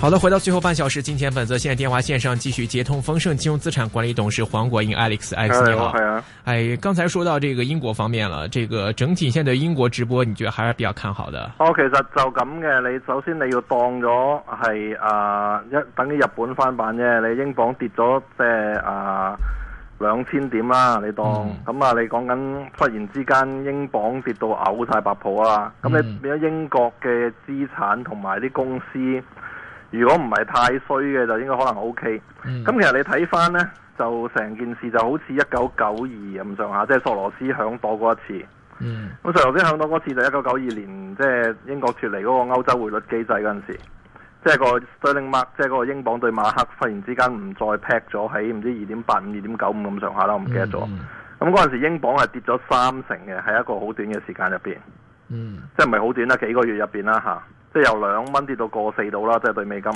好的，回到最後半小時，金錢本則，現在電話線上繼續接通豐盛金融資產管理董事黃國英 Alex，Alex、啊、你好、啊。哎，剛才說到這個英國方面了，這個整體現在英國直播，你覺得還是比較看好的？我、哦、其實就咁嘅，你首先你要當咗係啊一等於日本翻版啫，你英鎊跌咗即係啊兩千點啦，你當咁啊，你講緊忽然之間英鎊跌到嘔晒白泡啊，咁你變咗英國嘅資產同埋啲公司。嗯嗯如果唔係太衰嘅，就應該可能 OK。咁，嗯，其實你睇翻呢，就成件事就好似一九九二咁上下，即係索羅斯響度過一次。咁，嗯，索羅斯響度嗰次就一九九二年，即係英國脱離嗰個歐洲匯率機制嗰陣時，即係個對令馬，即係嗰個英鎊對馬克，忽然之間唔再 peg 咗喺唔知二點八五、二點九五咁上下啦，我唔記得咗。咁嗰陣時英鎊係跌咗三成嘅，喺一個好短嘅時間入邊，嗯。即係唔係好短啦？幾個月入邊啦嚇？即係由兩蚊跌到過四度啦，即係對美金。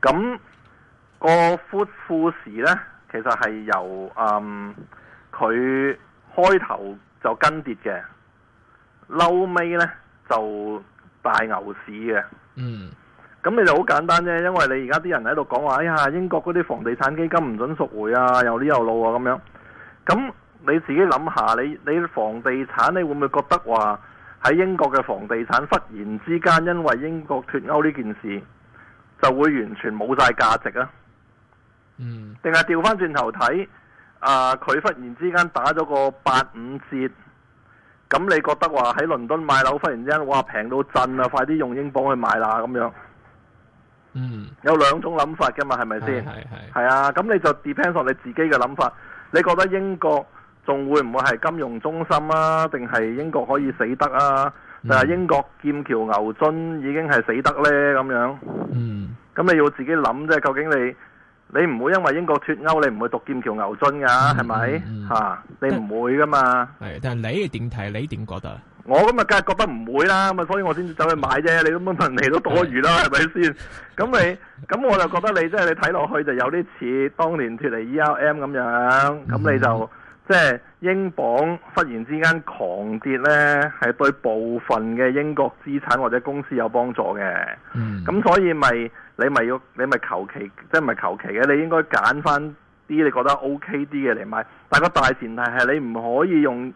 咁個富士呢，其實係由嗯佢開頭就跟跌嘅，嬲尾呢就大牛市嘅。嗯。咁你就好簡單啫，因為你而家啲人喺度講話，哎呀英國嗰啲房地產基金唔准贖回啊，又呢又路啊咁樣。咁你自己諗下，你你房地產你會唔會覺得話？喺英國嘅房地產忽然之間，因為英國脫歐呢件事，就會完全冇晒價值啊！嗯，定係調翻轉頭睇啊？佢、呃、忽然之間打咗個八五折，咁、嗯、你覺得話喺倫敦買樓忽然之間，哇平到震啊！快啲用英鎊去買啦咁樣。嗯，有兩種諗法㗎嘛，係咪先？係係。係啊，咁你就 depends on 你自己嘅諗法。你覺得英國？仲會唔會係金融中心啊？定係英國可以死得啊？定係英國劍橋牛津已經係死得呢咁樣？嗯，咁你要自己諗啫。究竟你你唔會因為英國脫歐，你唔會讀劍橋牛津噶？係咪吓？你唔會噶嘛？係，但係你點睇？你點覺得？我今日，梗係覺得唔會啦。咁啊，所以我先走去買啫。你咁樣問嚟都多餘啦，係咪先？咁你咁我就覺得你即係你睇落去就有啲似當年脫離 ERM 咁樣。咁你就。即係英鎊忽然之間狂跌呢，係對部分嘅英國資產或者公司有幫助嘅。咁、嗯、所以咪你咪要你咪求其，即係唔係求其嘅，你應該揀翻啲你覺得 OK 啲嘅嚟買。但係個大前提係你唔可以用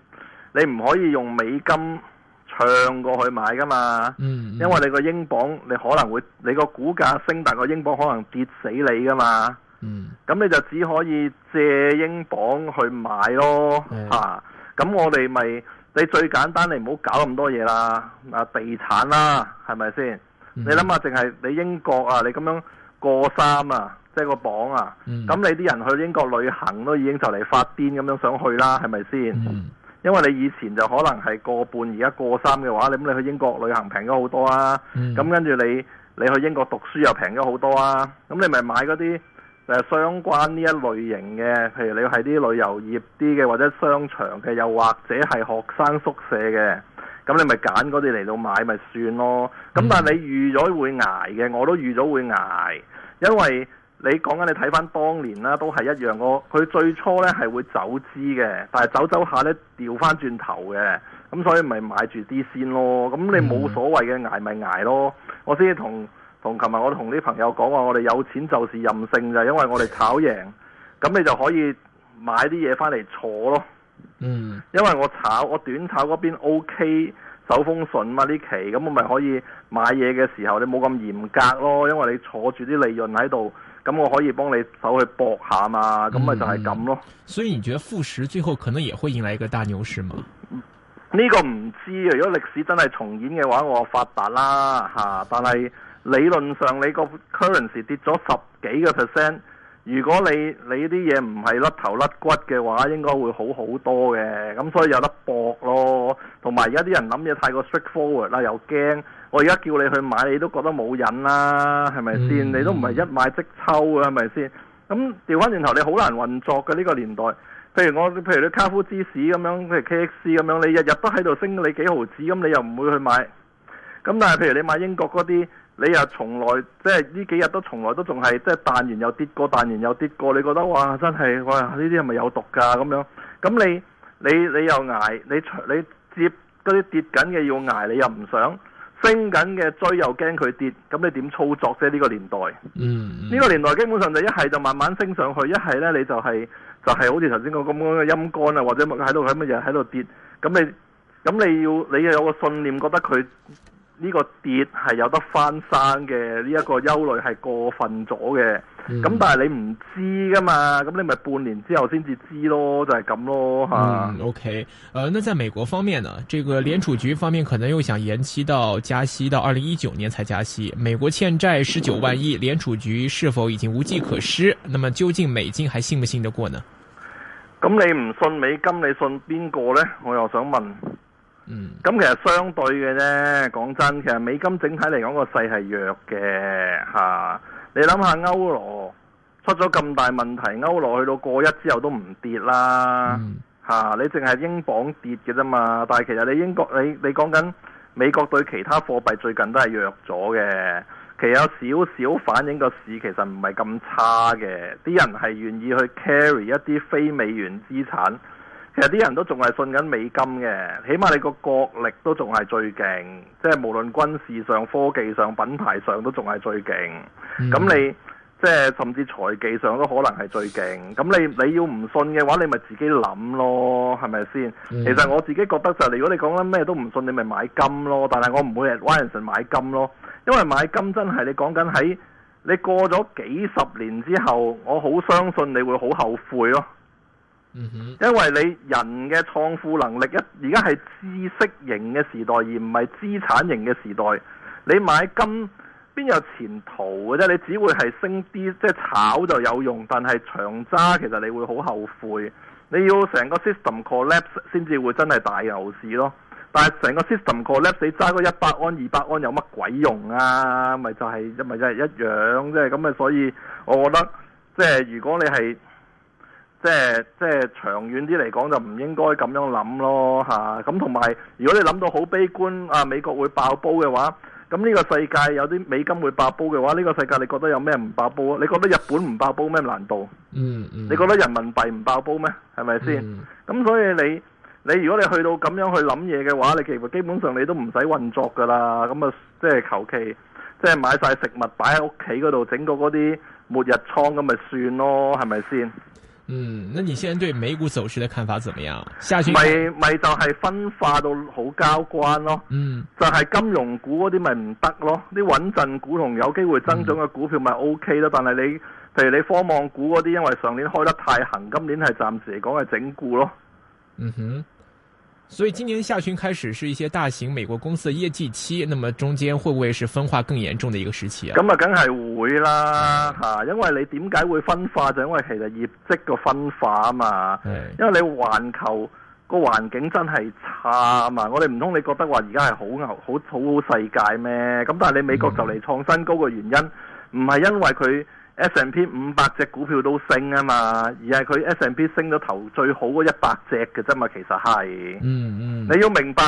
你唔可以用美金唱過去買噶嘛、嗯嗯？因為你個英鎊你可能會你個股價升，但個英鎊可能跌死你噶嘛。嗯，咁你就只可以借英鎊去買咯嚇。咁、嗯啊、我哋咪你最簡單，你唔好搞咁多嘢啦。啊，地產啦，係咪先？你諗下，淨係你英國啊，你咁樣過三啊，即係個鎊啊。咁、嗯、你啲人去英國旅行都已經就嚟發癲咁樣想去啦，係咪先？因為你以前就可能係過半，而家過三嘅話，你咁你去英國旅行平咗好多啊。咁跟住你你去英國讀書又平咗好多啊。咁你咪買嗰啲。誒相關呢一類型嘅，譬如你係啲旅遊業啲嘅，或者商場嘅，又或者係學生宿舍嘅，咁你咪揀嗰啲嚟到買咪算咯。咁但係你預咗會捱嘅，我都預咗會捱，因為你講緊你睇翻當年啦，都係一樣我佢最初呢係會走資嘅，但係走走下呢掉翻轉頭嘅，咁所以咪買住啲先咯。咁你冇所謂嘅捱咪捱咯。我先至同。同琴日我同啲朋友講話，我哋有錢就是任性，就因為我哋炒贏，咁你就可以買啲嘢翻嚟坐咯。嗯，因為我炒我短炒嗰邊 O K 手風順嘛呢期，咁我咪可以買嘢嘅時候你冇咁嚴格咯，因為你坐住啲利潤喺度，咁我可以幫你手去搏下嘛，咁咪就係咁咯，嗯。所以你覺得富時最後可能也會迎來一個大牛市嘛，呢，嗯，這個唔知道。如果歷史真係重演嘅話，我發達啦吓，啊，但係。理論上你個 currency 跌咗十幾個 percent，如果你你啲嘢唔係甩頭甩骨嘅話，應該會好好多嘅。咁所以有得搏咯。同埋而家啲人諗嘢太過 straightforward 啦、啊，又驚。我而家叫你去買，你都覺得冇癮啦，係咪先？你都唔係一買即抽嘅，係咪先？咁調翻轉頭，你好難運作嘅呢、呢個年代。譬如我譬如你卡夫芝士咁樣，譬如 KXC 咁樣，你日日都喺度升你幾毫子，咁你又唔會去買。咁但係譬如你買英國嗰啲。你又從來即係呢幾日都從來都仲係即係彈完又跌過，彈完又跌過。你覺得哇，真係哇，呢啲係咪有毒㗎咁樣？咁你你你又捱，你你接嗰啲跌緊嘅要捱，你又唔想升緊嘅追又驚佢跌，咁你點操作啫？呢個年代，嗯，呢個年代基本上就一係就慢慢升上去，一係呢你就係就係好似頭先個咁樣嘅陰乾啊，或者喺度喺乜嘢喺度跌，咁你咁你要你又有個信念覺得佢。呢、這個跌係有得翻生嘅，呢、這、一個憂慮係過分咗嘅。咁、嗯、但係你唔知噶嘛，咁你咪半年之後先至知道咯，就係、是、咁咯嚇、嗯。OK，呃，那在美國方面呢？這個聯儲局方面可能又想延期到加息到二零一九年才加息。美國欠債十九萬億，聯儲局是否已經無計可施？那麼究竟美金還信唔信得過呢？咁、嗯、你唔信美金，你信邊個呢？我又想問。嗯，咁其實相對嘅啫，講真，其實美金整體嚟講個勢係弱嘅吓、啊。你諗下歐羅出咗咁大問題，歐羅去到過一之後都唔跌啦，吓、嗯啊、你淨係英鎊跌嘅啫嘛。但係其實你英國你你講緊美國對其他貨幣最近都係弱咗嘅，其實有少少反映個市其實唔係咁差嘅，啲人係願意去 carry 一啲非美元資產。其實啲人都仲係信緊美金嘅，起碼你個國力都仲係最勁，即係無論軍事上、科技上、品牌上都仲係最勁。咁、嗯、你即係甚至財技上都可能係最勁。咁你你要唔信嘅話，你咪自己諗咯，係咪先？嗯、其實我自己覺得就係，如果你講緊咩都唔信，你咪買金咯。但係我唔會係玩買金咯，因為買金真係你講緊喺你過咗幾十年之後，我好相信你會好後悔咯。因為你人嘅創富能力一，而家係知識型嘅時代，而唔係資產型嘅時代。你買金邊有前途嘅啫？你只會係升啲，即係炒就有用，但係長揸其實你會好後悔。你要成個 system collapse 先至會真係大牛市咯。但係成個 system collapse，你揸個一百安、二百安有乜鬼用啊？咪就係、是、咪就係一樣。咁啊，所以我覺得即係如果你係。即係即係長遠啲嚟講，就唔應該咁樣諗咯嚇。咁同埋，如果你諗到好悲觀啊，美國會爆煲嘅話，咁呢個世界有啲美金會爆煲嘅話，呢、呢個世界你覺得有咩唔爆煲啊？你覺得日本唔爆煲咩難度？嗯嗯，你覺得人民幣唔爆煲咩？係咪先？咁、嗯、所以你你如果你去到咁樣去諗嘢嘅話，你其實基本上你都唔使運作噶啦。咁啊，即係求其即係買晒食物擺喺屋企嗰度，整個嗰啲末日倉咁咪算咯？係咪先？嗯，那你現在對美股走勢的看法怎麼樣？咪咪就係分化到好交關咯，嗯，就係、是、金融股嗰啲咪唔得咯，啲穩陣股同有機會增長嘅股票咪 OK 咯，嗯、但係你，譬如你科網股嗰啲，因為上年開得太行，今年係暫時嚟講係整固咯，嗯哼。所以今年下旬開始是一些大型美國公司嘅業績期，那麼中間會不會是分化更嚴重的一個時期啊？咁啊，梗係會啦，因為你點解會分化就因為其實業績個分化啊嘛，嗯，因為你環球個環境真係差啊嘛，我哋唔通你覺得話而家係好牛好好世界咩？咁但係你美國就嚟創新高嘅原因，唔係因為佢。S and P 五百隻股票都升啊嘛，而係佢 S and P 升咗頭最好嗰一百隻嘅啫嘛，其實係。嗯嗯，你要明白，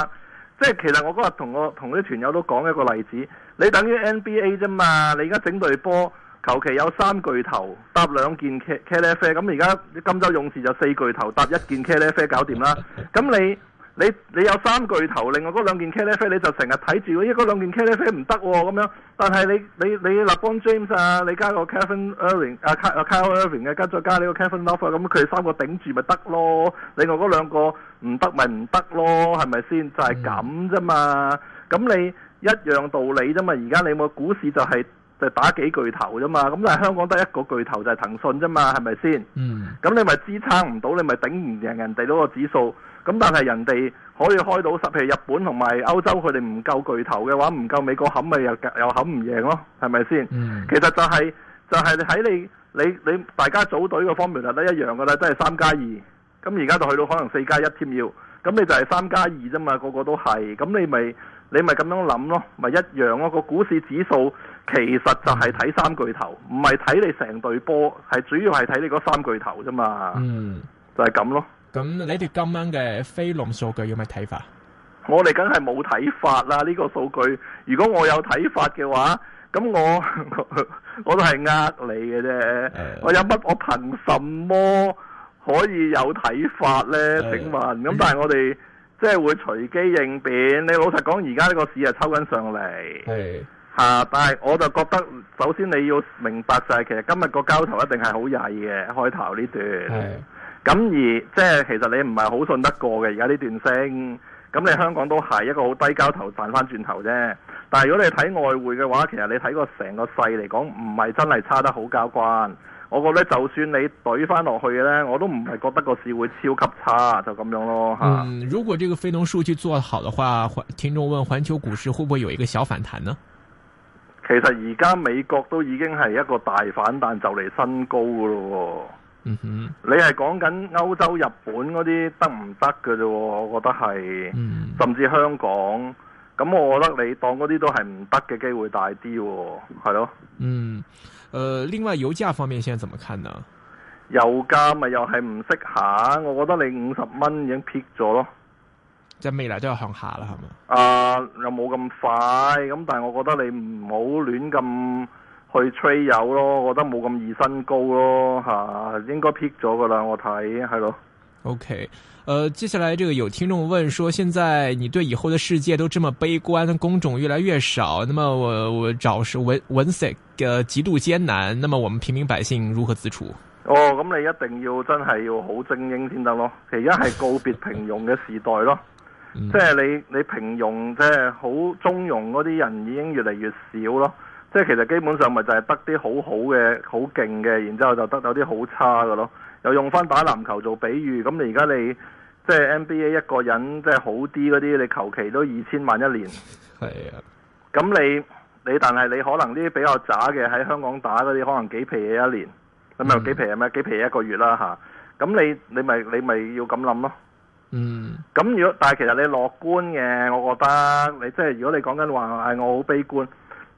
即係其實我嗰日同我同啲團友都講一個例子，你等於 NBA 啫嘛，你而家整隊波，求其有三巨頭搭兩件茄茄喱啡，咁而家你金州勇士就四巨頭搭一件茄喱啡搞掂啦，咁你。你你有三巨頭，另外嗰兩件 c a t l e f 你就成日睇住，因為嗰兩件 c a t l e f 唔得咁樣。但係你你你 LeBron James 啊，你加個 Kevin Irving 啊，Kyle Irving 啊，加再加呢個 Kevin Love 咁、啊，佢三個頂住咪得咯。另外嗰兩個唔得咪唔得咯，係咪先？就係咁啫嘛。咁你一樣道理啫嘛。而家你冇股市就係、是。就打幾巨頭啫嘛，咁但係香港得一個巨頭就係騰訊啫嘛，係咪先？嗯。咁你咪支撐唔到，你咪頂唔贏人哋嗰個指數。咁但係人哋可以開到十，譬如日本同埋歐洲，佢哋唔夠巨頭嘅話，唔夠美國冚咪又又冚唔贏咯，係咪先？嗯。其實就係就係喺你你你大家組隊嘅方面就都一樣㗎啦，都係三加二。咁而家就去到可能四加一添要，咁你就係三加二啫嘛，個個都係。咁你咪你咪咁樣諗咯，咪一樣咯，個股市指數。其實就係睇三巨頭，唔係睇你成隊波，係主要係睇你嗰三巨頭啫嘛。嗯，就係、是、咁咯。咁你哋今晚嘅非農數據有咩睇法？我哋梗係冇睇法啦！呢、這個數據，如果我有睇法嘅話，咁我我，我都係呃你嘅啫、哎。我有乜？我憑什麼可以有睇法呢？哎、請問咁、哎，但係我哋即係會隨機應變。你老實講，而家呢個市係抽緊上嚟。哎啊！但係我就覺得，首先你要明白就係，其實今日個交投一定係好曳嘅開頭呢段。係。咁而即係其實你唔係好信得過嘅，而家呢段升。咁你香港都係一個好低交投，賺翻轉頭啫。但係如果你睇外匯嘅話，其實你睇個成個勢嚟講，唔係真係差得好交關。我覺得就算你懟翻落去呢，我都唔係覺得個市會超級差，就咁樣咯嚇、嗯。如果這個非農數據做好的話，聽眾問：環球股市會不會有一個小反彈呢？其實而家美國都已經係一個大反彈就嚟新高嘅咯喎，嗯哼，你係講緊歐洲、日本嗰啲得唔得嘅啫喎，我覺得係，嗯，甚至香港，咁我覺得你當嗰啲都係唔得嘅機會大啲喎、哦，係咯，嗯，誒、呃，另外油價方面，現在怎麼看呢？油價咪又係唔識行，我覺得你五十蚊已經撇咗咯。即係未來都係向下啦，係咪？啊，又冇咁快咁，但係我覺得你唔好亂咁去吹油咯，我覺得冇咁易升高咯吓、啊，應該 peak 咗噶啦，我睇係咯。OK，誒、呃，接下來這個有聽眾問說，現在你對以後的世界都這麼悲觀，工種越來越少，那麼我我找搵食嘅極度艱難，那麼我們平民百姓如何自處？哦，咁你一定要真係要好精英先得咯，而家係告別平庸嘅時代咯。 嗯、即係你你平庸即係好中庸嗰啲人已經越嚟越少咯，即係其實基本上咪就係得啲好好嘅、好勁嘅，然之後就得有啲好差嘅咯。又用翻打籃球做比喻，咁你而家你即係 NBA 一個人即係、就是、好啲嗰啲，你求其都二千萬一年。係啊，咁你你但係你可能呢啲比較渣嘅喺香港打嗰啲，可能幾皮嘢一年，唔、嗯、係幾皮咩？幾皮一個月啦吓，咁、啊、你你咪你咪要咁諗咯。嗯，咁如果但係其實你樂觀嘅，我覺得你即係如果你講緊話，誒我好悲觀，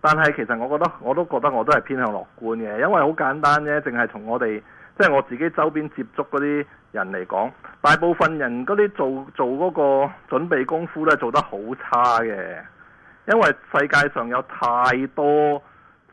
但係其實我覺得我都覺得我都係偏向樂觀嘅，因為好簡單啫，淨係從我哋即係我自己周邊接觸嗰啲人嚟講，大部分人嗰啲做做嗰個準備功夫咧做得好差嘅，因為世界上有太多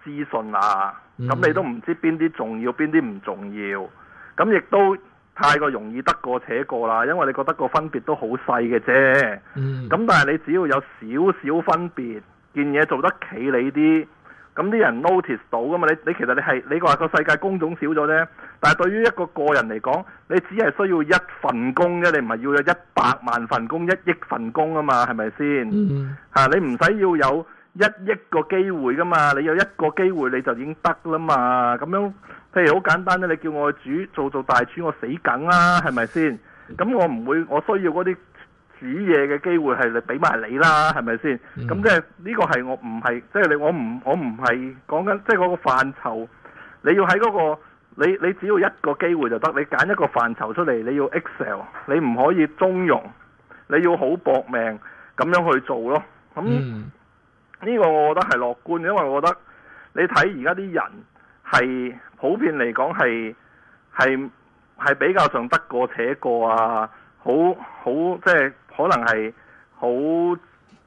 資訊啦，咁、嗯、你都唔知邊啲重要邊啲唔重要，咁亦都。太過容易得過且過啦，因為你覺得個分別都好細嘅啫。咁、mm -hmm. 但係你只要有少少分別，件嘢做得企理啲，咁啲人 notice 到噶嘛？你你其實你係你話個世界工種少咗啫，但係對於一個個人嚟講，你只係需要一份工啫，你唔係要有一百萬份工、一億份工啊嘛？係咪先？嚇、mm -hmm. 啊、你唔使要有一億個機會噶嘛，你有一個機會你就已經得啦嘛，咁樣。譬如好簡單咧，你叫我煮做，做做大廚，我死梗啦，係咪先？咁我唔會，我需要嗰啲煮嘢嘅機會係你俾埋、就是、你啦，係咪先？咁即係呢個係我唔係，即係你我唔我唔係講緊，即係嗰個範疇。你要喺嗰個你你只要一個機會就得，你揀一個範疇出嚟，你要 Excel，你唔可以中庸，你要好搏命咁樣去做咯。咁呢個我覺得係樂觀，因為我覺得你睇而家啲人。係普遍嚟講係係係比較上得過且過啊，好好即係可能係好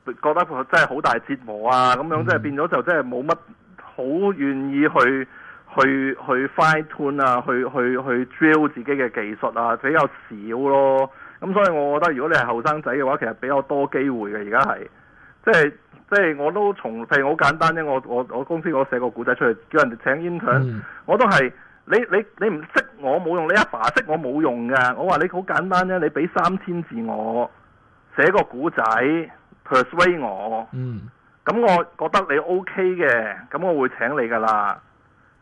覺得即真係好大折磨啊，咁樣即係變咗就即係冇乜好願意去去去，去 fine tune 啊，去去去 drill 自己嘅技術啊，比較少咯。咁所以我覺得如果你係後生仔嘅話，其實比較多機會嘅而家係即係。即係我都從，譬如我好簡單啫，我我我公司我寫個古仔出去，叫人哋請 intern、嗯、我都係你你你唔識我冇用，你阿爸識我冇用噶。我話你好簡單啫，你俾三千字我寫個古仔，persuade 我，咁、嗯、我覺得你 OK 嘅，咁我會請你噶啦。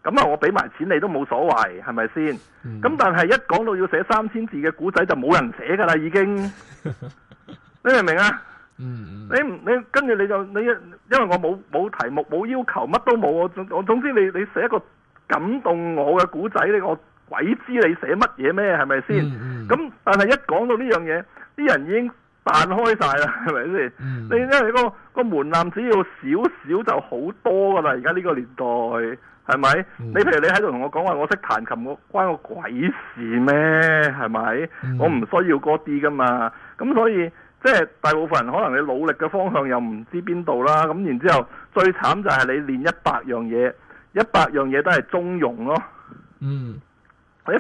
咁啊，我俾埋錢你都冇所謂，係咪先？咁、嗯、但係一講到要寫三千字嘅古仔，就冇人寫噶啦，已經。你明唔明啊？ 嗯，你唔你跟住你就你，因為我冇冇題目冇要求，乜都冇，我總總之你你寫一個感動我嘅古仔你我鬼知你寫乜嘢咩？係咪先？咁、嗯嗯、但係一講到呢樣嘢，啲人已經彈開晒啦，係咪先？你因為、那個個門檻只要少少就好多噶啦，而家呢個年代係咪、嗯？你譬如你喺度同我講話，我識彈琴，我關我鬼事咩？係咪、嗯？我唔需要嗰啲噶嘛，咁所以。即係大部分人可能你努力嘅方向又唔知邊度啦，咁然之後最慘就係你練一百樣嘢，一百樣嘢都係中庸咯。嗯，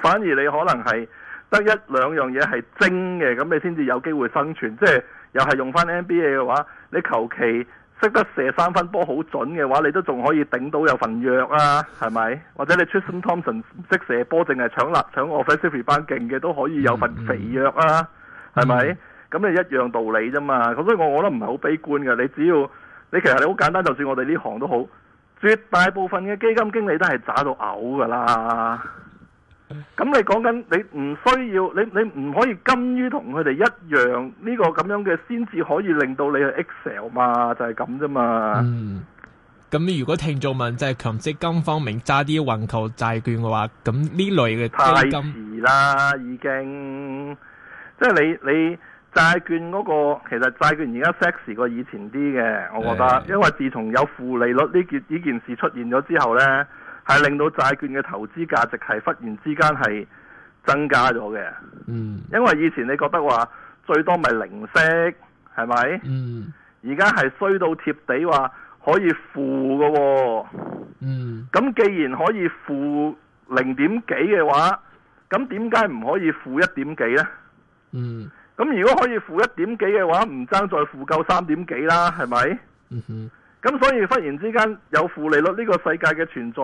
反而你可能係得一兩樣嘢係精嘅，咁你先至有機會生存。即係又係用翻 NBA 嘅話，你求其識得射三分波好準嘅話，你都仲可以頂到有份約啊，係咪？或者你 Tristan Thompson 識射波，淨係搶籃搶 offensive 班勁嘅，都可以有份肥約啊，係、嗯、咪？嗯咁你一樣道理啫嘛，咁所以我我覺得唔係好悲觀嘅。你只要你其實你好簡單，就算我哋呢行都好，絕大部分嘅基金經理都係渣到嘔㗎啦。咁你講緊你唔需要，你你唔可以甘於同佢哋一樣呢個咁樣嘅，先至可以令到你去 Excel 嘛，就係咁啫嘛。嗯，咁你如果聽眾問就係強積金方面揸啲環球債券嘅話，咁呢類嘅基金啦，已經即係你你。債券嗰、那個其實債券而家 sexy 過以前啲嘅，我覺得、嗯，因為自從有負利率呢件呢件事出現咗之後呢，係令到債券嘅投資價值係忽然之間係增加咗嘅。嗯，因為以前你覺得話最多咪零息係咪？嗯，而家係衰到貼地話可以負嘅喎、哦。嗯，咁既然可以負零點幾嘅話，咁點解唔可以負一點幾呢？嗯。咁如果可以負一點幾嘅話，唔爭再負夠三點幾啦，係咪？嗯哼。咁所以忽然之間有負利率呢個世界嘅存在，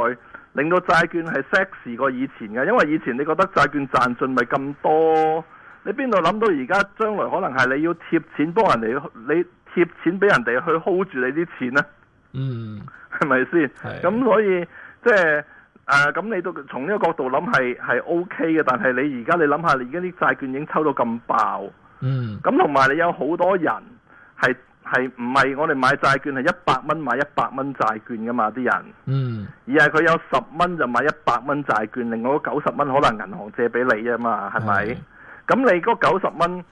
令到債券係 sexy 過以前嘅，因為以前你覺得債券賺盡咪咁多，你邊度諗到而家將來可能係你要貼錢幫人哋，你貼錢俾人哋去 hold 住你啲錢呢？嗯，係咪先？咁所以即係誒，咁你都從呢個角度諗係 OK 嘅，但係你而家你諗下，而家啲債券已經抽到咁爆。嗯，咁同埋你有好多人係係唔係我哋買債券係一百蚊買一百蚊債券噶嘛？啲人，嗯，而係佢有十蚊就買一百蚊債券，另外九十蚊可能銀行借俾你啊嘛，係咪？咁，嗯，你嗰九十蚊，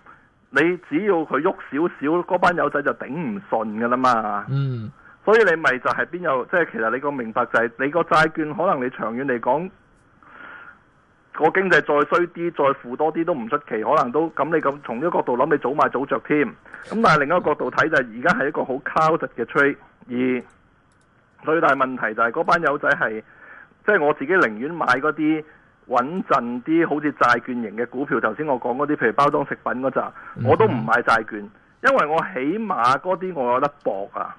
你只要佢喐少少，嗰班友仔就頂唔順噶啦嘛，嗯，所以你咪就係邊有，即係其實你個明白就係你個債券可能你長遠嚟講。個經濟再衰啲，再負多啲都唔出奇，可能都咁，你咁從呢個角度諗，你早買早著添。咁但係另一個角度睇就係，而家係一個好 crowded 嘅 trade 而最大問題就係嗰班友仔係，即係我自己寧願買嗰啲穩陣啲，好似債券型嘅股票。頭先我講嗰啲，譬如包裝食品嗰陣，我都唔買債券，因為我起碼嗰啲我有得搏啊。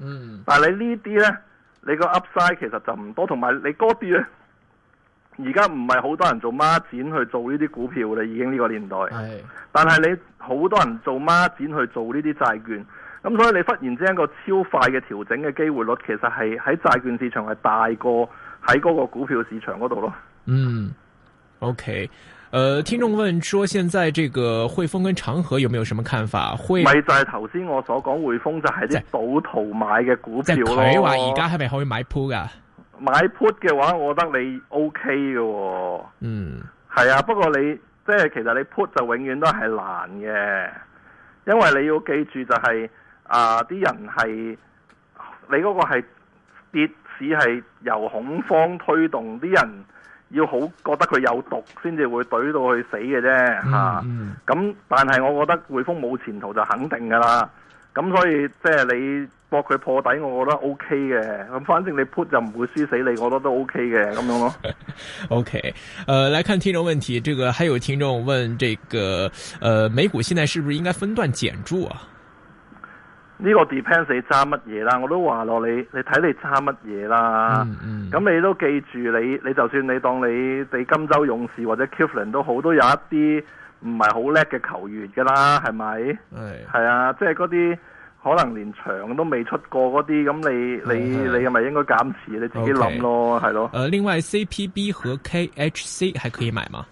嗯。但係你呢啲呢，你個 upside 其實就唔多，同埋你嗰啲呢而家唔係好多人做孖展去做呢啲股票啦，已經呢個年代。係、哎，但係你好多人做孖展去做呢啲債券，咁所以你忽然之間個超快嘅調整嘅機會率，其實係喺債券市場係大過喺嗰個股票市場嗰度咯。嗯，OK，誒、呃，聽眾問說，現在這個匯豐跟長和有沒有什麼看法？匯豐，咪就係頭先我所講，匯豐就係啲賭徒買嘅股票咯。佢話而家係咪可以買鋪噶？買 put 嘅話，我覺得你 OK 嘅喎。嗯，係啊，不過你即係其實你 put 就永遠都係難嘅，因為你要記住就係啊啲人係你嗰個係跌市係由恐慌推動，啲人要好覺得佢有毒先至會懟到去死嘅啫嚇。咁但係我覺得匯豐冇前途就肯定㗎啦。咁所以即係你博佢破底，我覺得 O K 嘅。咁反正你 put 就唔會輸死你，我覺得都 O K 嘅咁樣咯。O K，誒，來看聽眾問題，這個還有聽眾問，這個，誒、呃，美股現在是不是應該分段減注啊？呢、這個 depends 你揸乜嘢啦，我都話落你你睇你揸乜嘢啦。咁、嗯嗯、你都記住你，你你就算你當你對金州勇士或者 Kevlin 都好，都有一啲，唔係好叻嘅球員㗎啦，係咪？係係啊，即係嗰啲可能連場都未出過嗰啲，咁你你、啊、你係咪應該減持？你自己諗咯，係、okay、咯。呃，另外 CPB 和 KHC 還可以買嗎？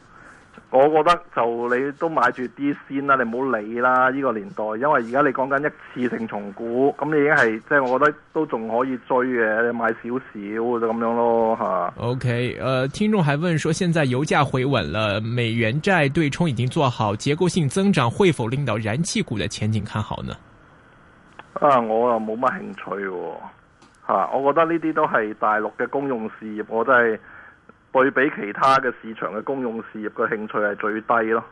我覺得就你都買住啲先啦，你唔好理啦。呢、這個年代，因為而家你講緊一次性重估，咁、嗯、你已經係即係，就是、我覺得都仲可以追嘅，你買少少就咁樣咯嚇 OK，呃，聽眾還問說，現在油價回穩了，美元債對沖已經做好，結構性增長會否令到燃氣股的前景看好呢？啊，我又冇乜興趣喎、哦啊、我覺得呢啲都係大陸嘅公用事業，我真係。對比其他嘅市場嘅公用事業嘅興趣係最低咯，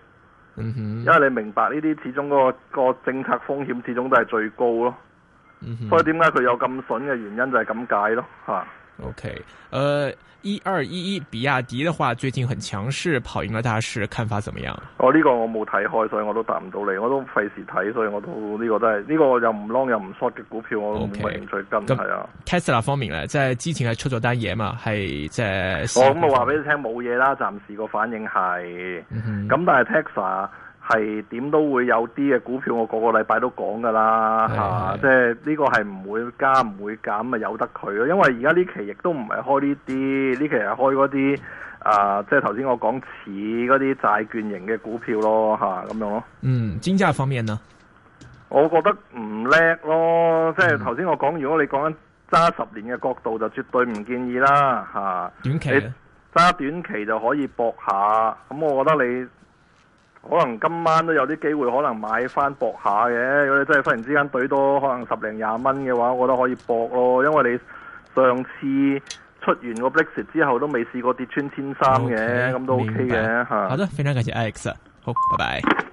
因為你明白呢啲始終嗰個政策風險始終都係最高咯，所以點解佢有咁筍嘅原因就係咁解咯嚇。OK，誒、呃，一二一一比亞迪嘅話最近很強勢，跑贏咗大市，看法怎麼樣？我、哦、呢、這個我冇睇開，所以我都答唔到你，我都費事睇，所以我都呢、這個都係呢、這個又唔 long 又唔 short 嘅股票，okay，我都唔有興趣跟係啊。Tesla 方面咧，即係之前係出咗單嘢嘛，係即係我咁就話俾你聽冇嘢啦，暫時個反應係，咁、嗯、但係 Tesla。係點都會有啲嘅股票，我個個禮拜都講噶啦嚇，即係呢個係唔會加唔會減，咁咪由得佢咯。因為而家呢期亦都唔係開呢啲，呢期係開嗰啲啊，即係頭先我講似嗰啲債券型嘅股票咯吓，咁、啊、樣咯。嗯，金價方面呢？我覺得唔叻咯，即係頭先我講，如果你講緊揸十年嘅角度，就絕對唔建議啦吓，短期揸、啊、短期就可以搏下，咁、嗯、我覺得你。可能今晚都有啲機會，可能買翻搏下嘅。如果你真係忽然之間賬多，可能十零廿蚊嘅話，我覺得可以搏咯。因為你上次出完個 Brexit 之後都未試過跌穿千三嘅，咁、okay，都 OK 嘅吓。好的，非常感謝 Alex。好，拜拜。